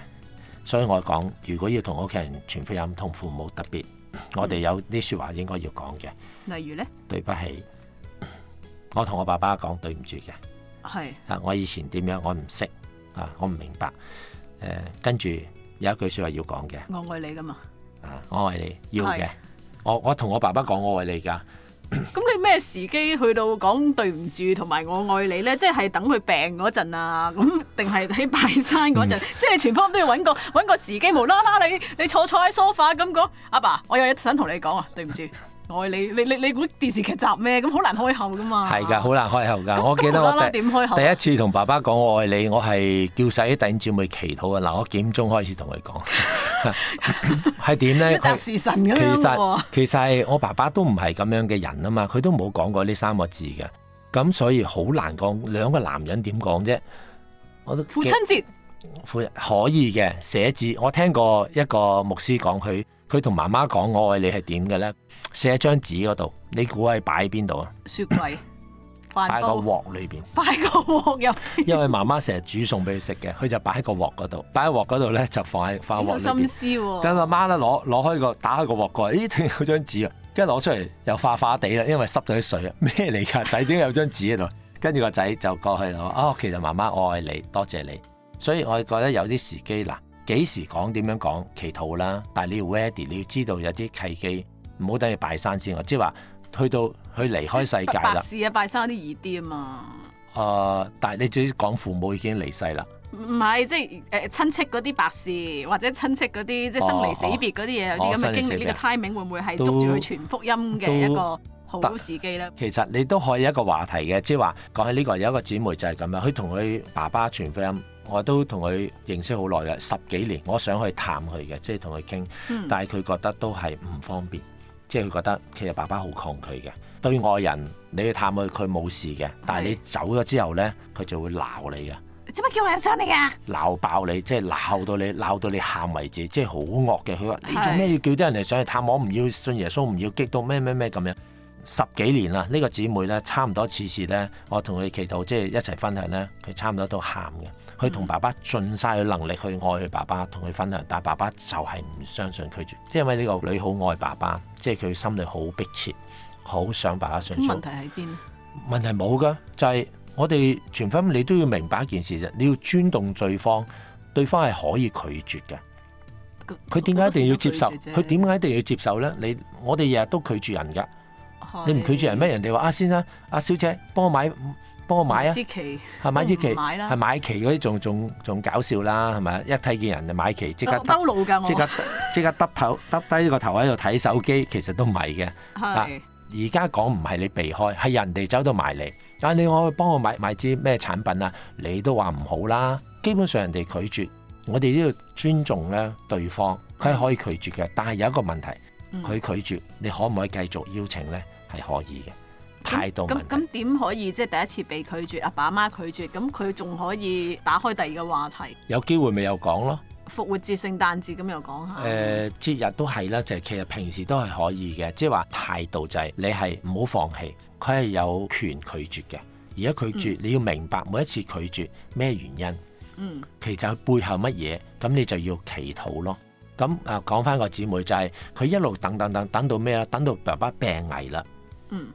所以我講，如果要同屋企人傳福音，同父母特別，我哋有啲說話應該要講嘅、嗯。例如呢：「對不起，我同我爸爸講對唔住嘅。係是啊，我以前點樣我唔識啊，我唔明白。跟住，啊，有一句說話要講嘅。我愛你噶嘛。啊，我愛你要嘅是。我我同我爸爸講我愛你噶。咁你咩時機去到講對唔住同埋我愛你呢？即係等佢病嗰陣啊，咁定係喺拜山嗰陣？嗯、即係你全方都要揾個揾個時機，無啦啦你你坐坐喺梳化咁講，阿爸，爸，我有嘢想同你講啊，對唔住。 愛你，你你你估電視劇集咩？咁好難開口噶嘛。係噶，好難開口噶。我記得我，點開口？第一次同爸爸講愛你，我係叫晒啲弟兄姊妹祈禱啊！嗱，我幾點鐘開始同佢講，係點咧？執事神咁，其實其實我爸爸都唔係咁樣嘅人啊嘛，佢都冇講過呢三個字嘅。咁所以好難講，兩個男人點講啫。我父親節，可以嘅寫字。我聽過一個牧師講佢。佢同媽媽講我愛你係點嘅咧？寫張紙嗰度，你估係擺喺邊度啊？雪櫃，擺個鑊裏邊，擺個鑊入。因為媽媽成日煮餸俾佢食嘅，佢就擺喺個鑊嗰度，擺喺鑊嗰度咧，就放喺飯鑊裏邊。有心思。跟阿媽咧攞攞開個打開個鑊蓋，咦，定有張紙啊！跟住攞出嚟，又化化地啦，因為濕咗啲水啊。咩嚟噶？仔，點解有張紙喺度？跟住個仔就過去話，哦，其實媽媽愛你，多謝你。所以我覺得有啲時機難。幾時講，點樣講祈禱啦？但係你要 ready，你要知道有啲契機，唔好等佢拜山先啊！即係話去到佢離開世界啦。白事啊，拜山有啲易啲啊嘛。誒，但係你主要講父母已經離世啦。唔係，即係誒親戚嗰啲白事，或者親戚嗰啲即係生離死別嗰啲嘢，有啲咁嘅經歷，呢個 timing 會唔會係捉住佢傳福音嘅一個好時機咧？其實你都可以有一個話題嘅，即係話講起呢個有一個姊妹就係咁樣，佢同佢爸爸傳福音。我都同佢認識好耐嘅十幾年，我想去探佢嘅，即係同佢傾。但係佢覺得都係唔方便，即係佢覺得其實爸爸好抗拒嘅對外人。你去探佢，佢冇事嘅，但係你走咗之後咧，佢就會鬧你嘅。做乜叫外人上嚟啊？鬧爆你，即係鬧到你鬧到你喊為止，即係好惡嘅。佢話：是你做咩要叫啲人嚟上去探我？唔要信耶穌，唔要激到咩咩咩咁樣十幾年啦。這個、姐呢個姊妹咧，差唔多次次咧，我同佢祈禱，即係一齊分享咧，佢差唔多都喊嘅。佢同爸爸盡晒嘅能力去愛佢爸爸，同佢分享，但爸爸就係唔相信拒絕，因為呢個女好愛爸爸，即係佢心裏好迫切，好想爸爸相信。問題喺邊？問題冇噶，就係、是、我哋全翻，你都要明白一件事啫，你要尊重對方，對方係可以拒絕嘅。佢點解一定要接受？佢點解一定要接受咧？你我哋日日都拒絕人噶，是你唔拒絕人咩？人哋話：阿、啊、先生、阿、啊、小姐，幫我買。幫我買啊，係係買支旗，係買旗嗰啲仲仲仲搞笑啦，係咪？一睇見人就買旗，即刻兜、呃、路即、啊、 刻即刻耷頭耷低個頭喺度睇手機，其實都唔係嘅。而家講唔係你避開，係人哋走到埋嚟。但、啊、你我幫我買買支咩產品啊？你都話唔好啦。基本上人哋拒絕，我哋都要尊重咧對方，佢係可以拒絕嘅。是但係有一個問題，佢拒絕你可唔可以繼續邀請咧？係可以嘅。態度咁咁點可以即係第一次被拒絕？阿爸阿媽拒絕，咁佢仲可以打開第二個話題？有機會咪又講咯？復活節、聖誕節咁又講下？誒、呃，節日都係啦，就係、是、其實平時都係可以嘅，即係話態度就係你係唔好放棄，佢係有權拒絕嘅。而家拒絕，嗯、你要明白每一次拒絕咩原因？嗯，其實背後乜嘢？咁你就要祈禱咯。咁啊，講、呃、翻個姊妹就係、是、佢一路等等等等，等到咩啦？等到爸爸病危啦。嗯。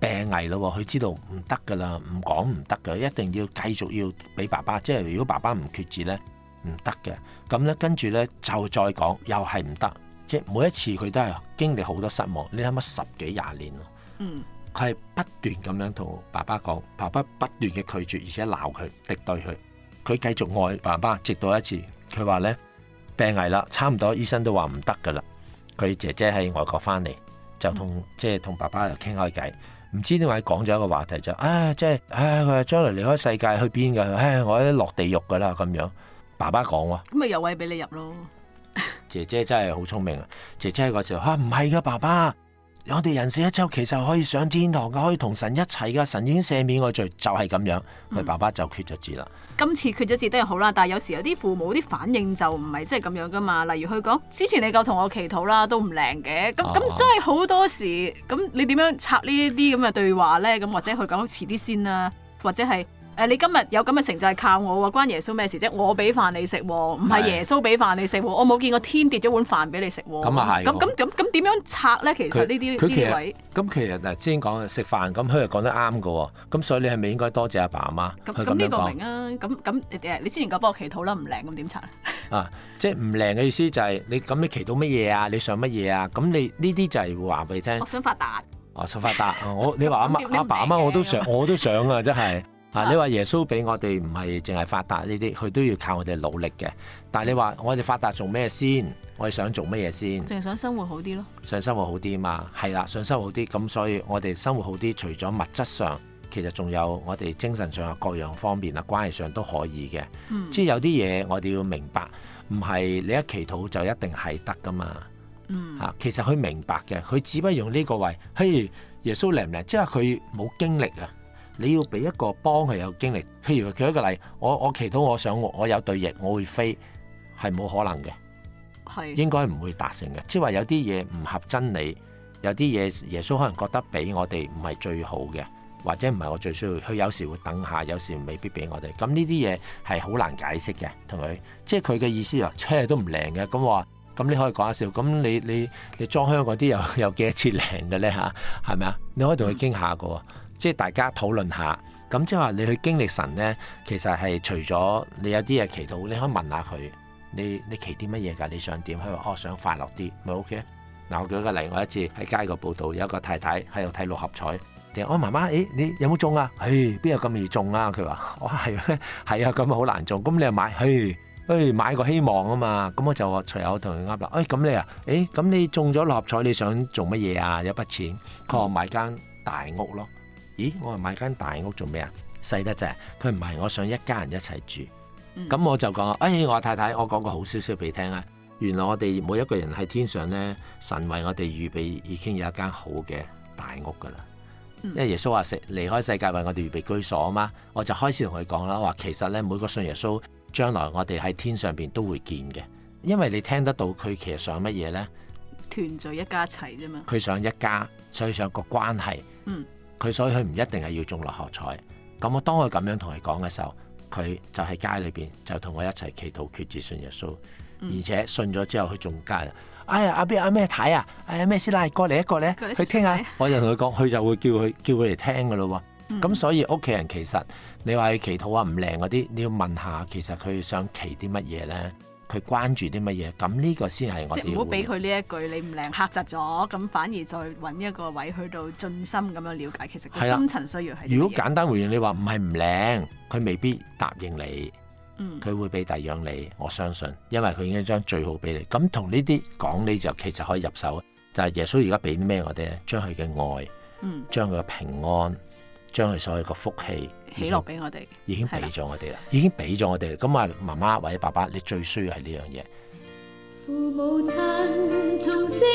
病危咯，佢知道唔得噶啦，唔講唔得噶，一定要繼續要俾爸爸。即係如果爸爸唔決志咧，唔得嘅。咁咧跟住咧就再講，又係唔得。即係每一次佢都係經歷好多失望。你諗下十幾廿年咯，嗯，佢係不斷咁樣同爸爸講，爸爸不斷嘅拒絕，而且鬧佢，敵對佢。佢繼續愛爸爸，直到一次佢話咧病危啦，差唔多醫生都話唔得噶啦。佢姐姐喺外國翻嚟，就同、嗯、即係同爸爸又傾開偈。唔知點解講咗一個話題就，啊，即係，唉、啊，佢話將來離開世界去邊㗎？唉、啊，我一落地獄㗎啦，咁樣。爸爸講喎，咁咪有位俾你入咯 。姐姐真係好聰明啊！姐姐喺嗰時候吓，唔係㗎，爸爸。我哋人死一朝，其實可以上天堂噶，可以同神一齊噶。神已經赦免我罪，就係咁樣。佢爸爸就決咗志啦。今次決咗志，都係好啦，但係有時有啲父母啲反應就唔係即係咁樣噶嘛。例如佢講，之前你夠同我祈禱啦，都唔靈嘅。咁咁真係好多時咁，你點樣拆呢啲咁嘅對話咧？咁或者佢講到遲啲先啦，或者係。誒，你今日有咁嘅成就係靠我喎，關耶穌咩事啫？我俾飯你食喎，唔係耶穌俾飯你食喎，我冇見過天跌咗碗飯俾你食喎。咁啊係。咁咁咁咁點樣拆咧？其實呢啲呢位。咁其實嗱，先講食飯，咁佢又講得啱㗎喎。咁所以你係咪應該多謝阿爸阿媽？咁咁呢個明啊。咁咁誒，你之前講幫我祈禱啦，唔靈咁點拆？啊，即係唔靈嘅意思就係你咁你祈禱乜嘢啊？你想乜嘢啊？咁你呢啲就係話俾你聽。我想發達。哦，想發達，我你話阿媽阿爸阿媽我都想，我都想啊，真係。啊！你話耶穌俾我哋唔係淨係發達呢啲，佢都要靠我哋努力嘅。但係你話我哋發達做咩先？我哋想做乜嘢先？淨係想生活好啲咯。想生活好啲嘛？係啦，想生活好啲。咁所以我哋生活好啲，除咗物質上，其實仲有我哋精神上啊，各樣方面啊，關係上都可以嘅。即係、嗯、有啲嘢我哋要明白，唔係你一祈禱就一定係得噶嘛。嗯。嚇，其實佢明白嘅，佢只不過用呢個位。嘿，耶穌靈唔靈？即係佢冇經歷啊。你要俾一個幫佢有經歷，譬如舉一個例，我我祈禱我想我有對翼，我會飛，係冇可能嘅，應該唔會達成嘅。即係話有啲嘢唔合真理，有啲嘢耶穌可能覺得俾我哋唔係最好嘅，或者唔係我最需要。佢有時會等下，有時未必俾我哋。咁呢啲嘢係好難解釋嘅，同佢即係佢嘅意思啊，車都唔靈嘅，咁話咁你可以講下笑。咁你你你，你裝香嗰啲又又幾多次靈嘅咧嚇？係咪啊？你可以同佢傾下個。即係大家討論下咁，即係話你去經歷神咧，其實係除咗你有啲嘢祈禱，你可以問下佢。你你祈啲乜嘢㗎？你想點？佢話：我想快樂啲，咪 O K。嗱，我舉個例，我一次喺街個報道，有一個太太喺度睇六合彩，定我、哦、媽媽誒、哎，你有冇中啊？誒、哎，邊有咁易中啊？佢話：哦，係，係啊，咁啊好難中。咁你又買？誒、哎、誒、哎，買個希望啊嘛。咁我就隨口同佢噏啦。誒、哎、咁你啊？誒、哎、咁你中咗六合彩，你想做乜嘢啊？有筆錢，佢話買間大屋咯。咦，我係買間大屋做咩啊？細得滯，佢唔係，我想一家人一齊住。咁、嗯、我就講啦，誒、哎，我太太，我講個好消息俾你聽啦。原來我哋每一個人喺天上呢，神為我哋預備已經有一間好嘅大屋噶啦。嗯、因為耶穌話世離開世界為我哋預備居所啊嘛，我就開始同佢講啦。我話其實呢，每個信耶穌將來我哋喺天上邊都會見嘅，因為你聽得到佢其實想乜嘢呢？團聚一家一齊啫嘛。佢想一家，所以想個關係。嗯。佢所以佢唔一定係要中六合彩，咁我當佢咁樣同佢講嘅時候，佢就喺街裏邊就同我一齊祈禱決志信耶穌，嗯、而且信咗之後佢仲加，哎呀阿邊阿咩太啊，哎呀咩師奶過嚟一個咧，佢、啊啊、聽下、啊，我就同佢講，佢就會叫佢叫佢嚟聽噶咯，咁、嗯、所以屋企人其實你話祈禱啊唔靈嗰啲，你要問下，其實佢想祈啲乜嘢咧？佢關注啲乜嘢？咁呢個先係我哋。即係唔好俾佢呢一句你唔靚嚇窒咗，咁反而再揾一個位去到盡心咁樣了解，其實個深層需要係。如果簡單回應你話唔係唔靚，佢未必答應你。嗯，佢會俾第二樣你，我相信，因為佢已經將最好俾你。咁同呢啲講你就其實可以入手。但係耶穌而家俾啲咩我哋咧？將佢嘅愛，嗯，將佢嘅平安，將佢所有嘅福氣。起落俾我哋的，已經俾咗我哋啦，已經俾咗我哋啦。咁啊，媽媽或者爸爸，你最需要係呢樣嘢。父母親從小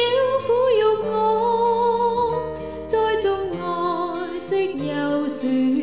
撫育我，再又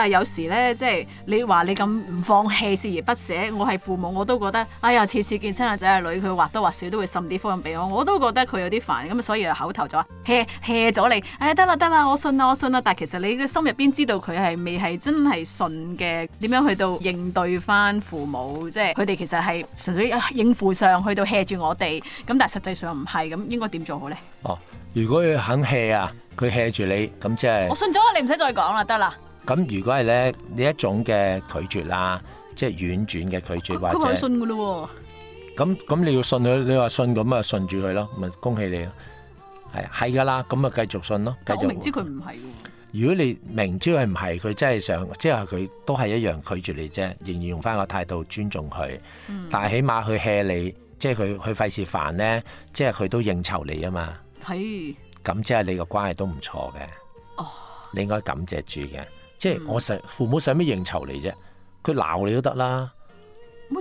但係有時咧，即係你話你咁唔放棄，鍥而不舍。我係父母，我都覺得哎呀，次次見親阿仔阿女，佢或多或少都會滲啲敷衍俾我，我都覺得佢有啲煩咁，所以啊，口頭就話 hea hea 咗你，哎得啦得啦、啦，我信啦我信啦。但係其實你嘅心入邊知道佢係未係真係信嘅，點樣去到應對翻父母，即係佢哋其實係純粹、啊、應付上去到 hea 住我哋咁，但係實際上唔係咁，應該點做好咧？哦，如果佢肯 hea 啊，佢 hea 住你咁即係我信咗，你唔使再講啦，得啦。咁如果係咧，呢一種嘅拒絕啦，即係婉轉嘅拒絕，或者佢肯信噶咯喎。咁咁你要信佢，你話信咁啊，信住佢咯，咪恭喜你。係係噶啦，咁啊繼續信咯。繼續。咁明知佢唔係喎。如果你明知佢唔係佢，真係想即係佢都係一樣拒絕你啫，仍然用翻個態度尊重佢，嗯、但係起碼佢吃你，即係佢佢費事煩咧，即係佢都應酬你啊嘛。係的。咁即係你個關係都唔錯嘅。哦。你應該感謝住嘅。即係我父母使咩應酬嚟啫？佢鬧你都得啦，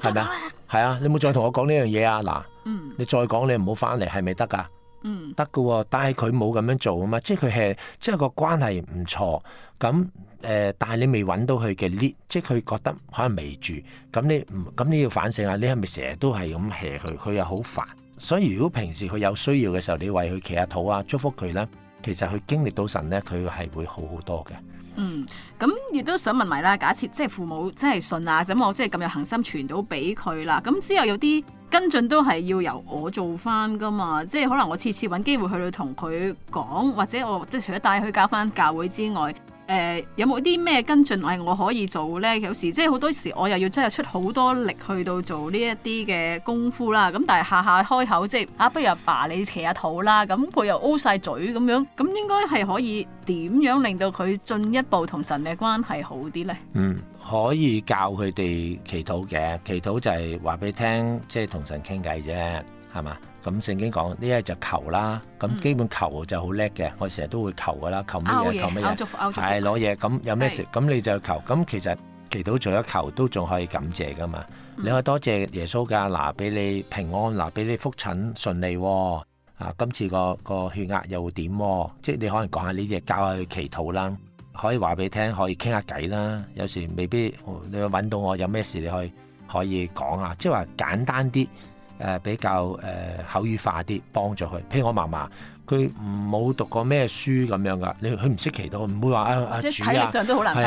係咪啊？係啊，你冇再同我講呢樣嘢啊！嗱，嗯、你再講你唔好翻嚟，係咪得噶？嗯，得噶、哦，但係佢冇咁樣做啊嘛。即係佢係即係個關係唔錯咁誒、呃，但係你未揾到佢嘅 lift，即係佢覺得可能未住咁你咁你要反省下，你係咪成日都係咁 hea 佢？佢又好煩，所以如果平時佢有需要嘅時候，你為佢祈下禱啊，祝福佢咧，其實佢經歷到神咧，佢係會好好多嘅。嗯，咁亦都想問埋啦。假設即係父母真係信啊，咁我即係咁有恒心傳到俾佢啦。咁之後有啲跟進都係要由我做翻噶嘛。即係可能我次次搵機會去到同佢講，或者我即係除咗帶佢教翻教會之外。誒，有冇啲咩跟進？我我可以做呢？有時即係好多時，我又要真係出好多力去到做呢一啲嘅功夫啦。咁但係下下開口，即係啊，不如阿爸你祈下禱啦。咁佢又 O 晒嘴咁樣，咁應該係可以點樣令到佢進一步同神嘅關係好啲呢？嗯，可以教佢哋祈禱嘅，祈禱就係話俾你聽，即係同神傾偈啫，係嘛？咁聖經講呢一就求啦，咁基本求就好叻嘅，我成日都會求噶啦，求乜嘢、oh、yeah, 求乜嘢，係攞嘢，咁有咩事咁是你就求，咁其實祈禱做咗求都仲可以感謝噶嘛，你可以多謝耶穌噶，嗱俾你平安，嗱俾你復診順利、哦，啊今次個個血壓又點喎？即係你可能講下呢啲嘢教下佢祈禱啦，可以話俾你聽，可以傾下偈啦，有時未必你揾到我有咩事，你可以可以講啊，即係話簡單啲。誒、呃、比較誒、呃、口語化啲，幫助佢。譬如我嫲嫲，佢冇讀過咩書咁樣㗎，你佢唔識祈禱，唔會話啊啊主啊，係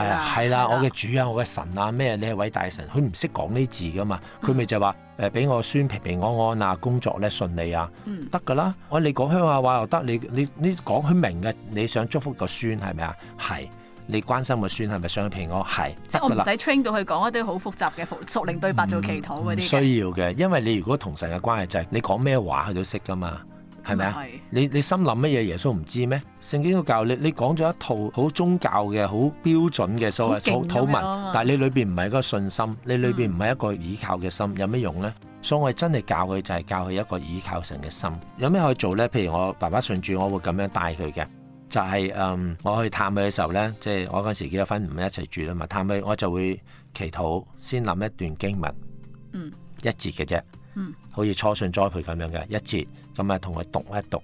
啊，係啦、啊，我嘅主啊，我嘅神啊咩、啊，你係偉大嘅神，佢唔識講呢字㗎嘛，佢咪就話誒俾我孫平平安安啊，工作咧順利啊，得㗎、嗯、啦。我、啊、你講鄉下話又得，你你你講佢明嘅，你想祝福個孫係咪啊？係。你關心個孫係咪上咗平安？係，即我唔使 train 到佢講一堆好複雜嘅熟齡對白做祈禱嗰啲。唔需要嘅，因為你如果同神嘅關係就係你講咩話佢都識噶嘛，係咪啊？你是你，你心諗乜嘢耶穌唔知咩？聖經都教你，你講咗一套好宗教嘅好標準嘅所謂土文，但係你裏邊唔係一個信心，嗯、你裏邊唔係一個倚靠嘅心，有咩用咧？所以我真係教佢就係教佢一個倚靠神嘅心，有咩可以做咧？譬如我爸爸信主，我會咁樣帶佢嘅。就係、是、誒、嗯，我去探佢嘅時候呢，即係我嗰時結咗婚唔一齊住啦嘛，探佢我就會祈禱，先諗一段經文，嗯，一節嘅啫，嗯，好似初信栽培咁樣嘅一節，咁啊同佢讀一讀，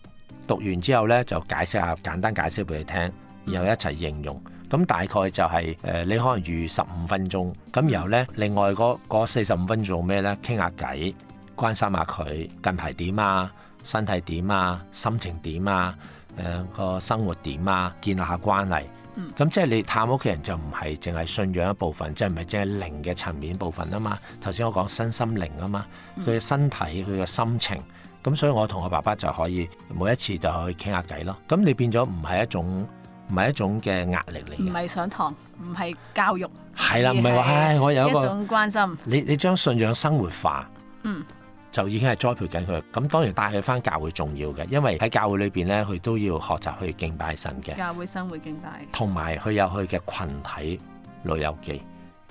讀完之後呢，就解釋下簡單解釋俾佢聽，然後一齊形容。咁大概就係、是、誒、呃、你可能預十五分鐘，咁然後呢，另外嗰四十五分鐘做咩呢？傾下偈，關心下佢近排點啊，身體點啊，心情點啊。誒、呃、個生活點啊，建立下關係，咁、嗯、即係你探屋企人就唔係淨係信仰一部分，嗯、即係唔係即係靈嘅層面部分啊嘛。頭先我講身心靈啊嘛，佢嘅、嗯、身體佢嘅心情，咁所以我同我爸爸就可以每一次就去傾下偈咯。咁你變咗唔係一種唔係一種嘅壓力嚟嘅，唔係上堂，唔係教育，係啦、啊，唔係話唉，我有一種關心。哎、你你將信仰生活化。嗯。就已經係栽培緊佢，咁當然帶佢返教會重要嘅，因為喺教會裏邊咧，佢都要學習去敬拜神嘅。教會生活敬拜。同埋佢有佢嘅群體旅遊記，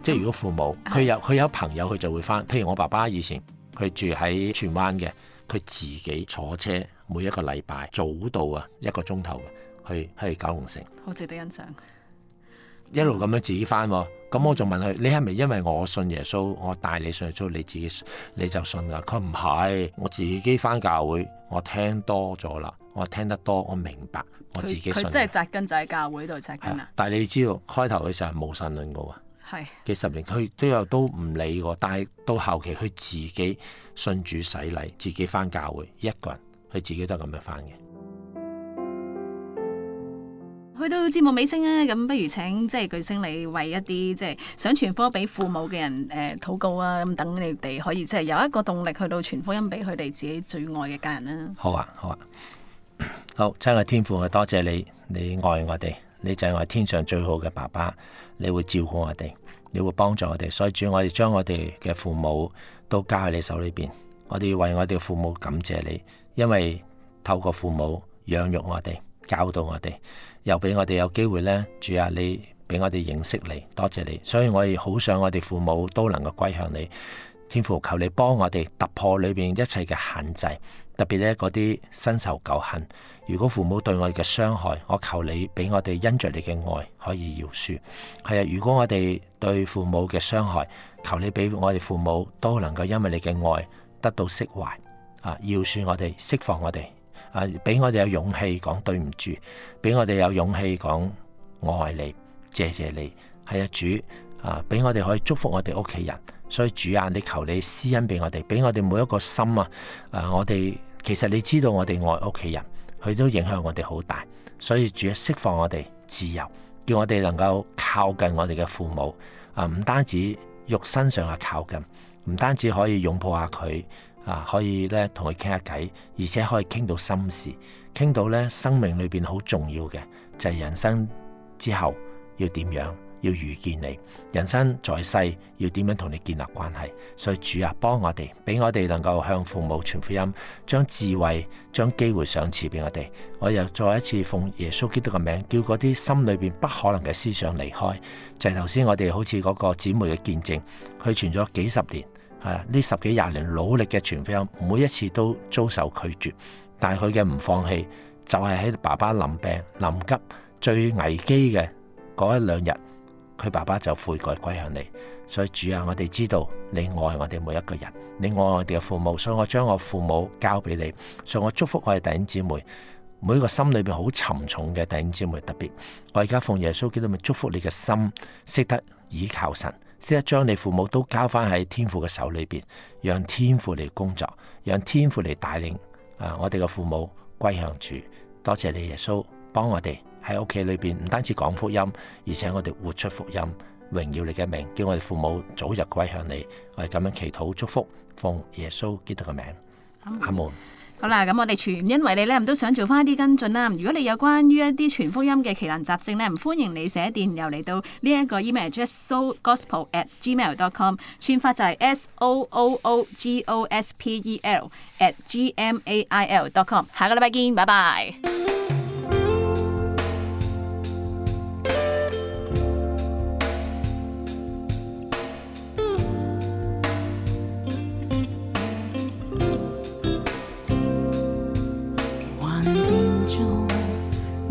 即係如果父母佢有佢有朋友，佢就會返。譬如我爸爸以前佢住喺荃灣嘅，佢自己坐車每一個禮拜早到啊一個鐘頭去去九龍城。好值得欣賞。一路咁樣自己翻，咁我就問佢：你係咪因為我信耶穌，我帶你信耶穌，你自己信你就信噶？佢唔係，我自己翻教會，我聽多咗啦，我聽得多，我明白，我自己信。佢真係紮根就喺教會度紮根啊！但係你知道，開頭佢就係冇神論噶，係的幾十年佢都有都唔理我，但係到後期佢自己信主洗禮，自己翻教會，一個人佢自己都係咁樣翻嘅。去到節目尾聲啊，咁不如請即係巨星你為一啲即係想傳福音俾父母嘅人誒禱、呃、告啊，咁等你哋可以即係有一個動力去到傳福音俾佢哋自己最愛嘅家人啦、啊。好啊，好啊，好親愛天父，我多謝你，你愛我哋，你就係我天上最好嘅爸爸，你會照顧我哋，你會幫助我哋，所以主要我哋將我哋嘅父母都交喺你手裏邊，我哋要為我哋父母感謝你，因為透過父母養育我哋。教導我哋，又俾我哋有機會呢。主啊，你俾我哋認識你，多謝你。所以我亦好想我哋父母都能夠歸向你天父。求你幫我哋突破裏邊一切嘅限制，特別呢嗰啲新仇舊恨。如果父母對我哋嘅傷害，我求你俾我哋因着你嘅愛可以饒恕。係啊，如果我哋對父母嘅傷害，求你俾我哋父母都能夠因為你嘅愛得到釋懷啊，饒恕我哋，釋放我哋。啊！俾我哋有勇氣講對唔住，俾我哋有勇氣講我愛你，謝謝你，係啊主啊！俾我哋可以祝福我哋屋企人，所以主啊，你求你施恩俾我哋，俾我哋每一個心啊！啊，我哋其實你知道我哋愛屋企人，佢都影響我哋好大，所以主啊，釋放我哋自由，叫我哋能夠靠近我哋嘅父母啊，唔單止肉身上係靠近，唔單止可以擁抱下佢。啊，可以咧同佢傾下偈，而且可以傾到心事，傾到咧生命裏邊好重要嘅，就係人生之後要點樣，要遇見你，人生在世要點樣同你建立關係。所以主啊，幫我哋，俾我哋能夠向父母傳福音，將智慧、將機會賞賜俾我哋。我又再一次奉耶穌基督嘅名，叫嗰啲心裏邊不可能嘅思想離開。就係頭先我哋好似嗰個姊妹嘅見證，去傳咗幾十年。呢十幾廿年努力嘅全福音，每一次都遭受拒絕，但係佢嘅唔放棄，就係、是、喺爸爸臨病、臨急、最危機嘅嗰一兩日，佢爸爸就悔改歸向你。所以主啊，我哋知道你愛我哋每一個人，你愛我哋嘅父母，所以我將我父母交俾你。所以我祝福我哋弟兄姊妹，每個心裏邊好沉重嘅弟兄姊妹，特別我而家奉耶穌基督名祝福你嘅心，識得倚靠神。即係將你父母都交翻喺天父嘅手裏邊，讓天父嚟工作，讓天父嚟帶領啊！我哋嘅父母歸向主，多謝你耶穌幫我哋喺屋企裏邊，唔單止講福音，而且我哋活出福音，榮耀你嘅名，叫我哋父母早日歸向你。我哋咁樣祈禱祝福，奉耶穌基督嘅名，阿門。好啦，咁我哋全因為你咧，都想做翻一啲跟進啦。如果你有關於一啲全福音嘅奇難雜症咧，歡迎你寫電郵嚟到呢一個 email address soulgospel at gmail dot com，串法就係 s o o o g o s p e l at g m a i l dot com。下個禮拜見，拜拜。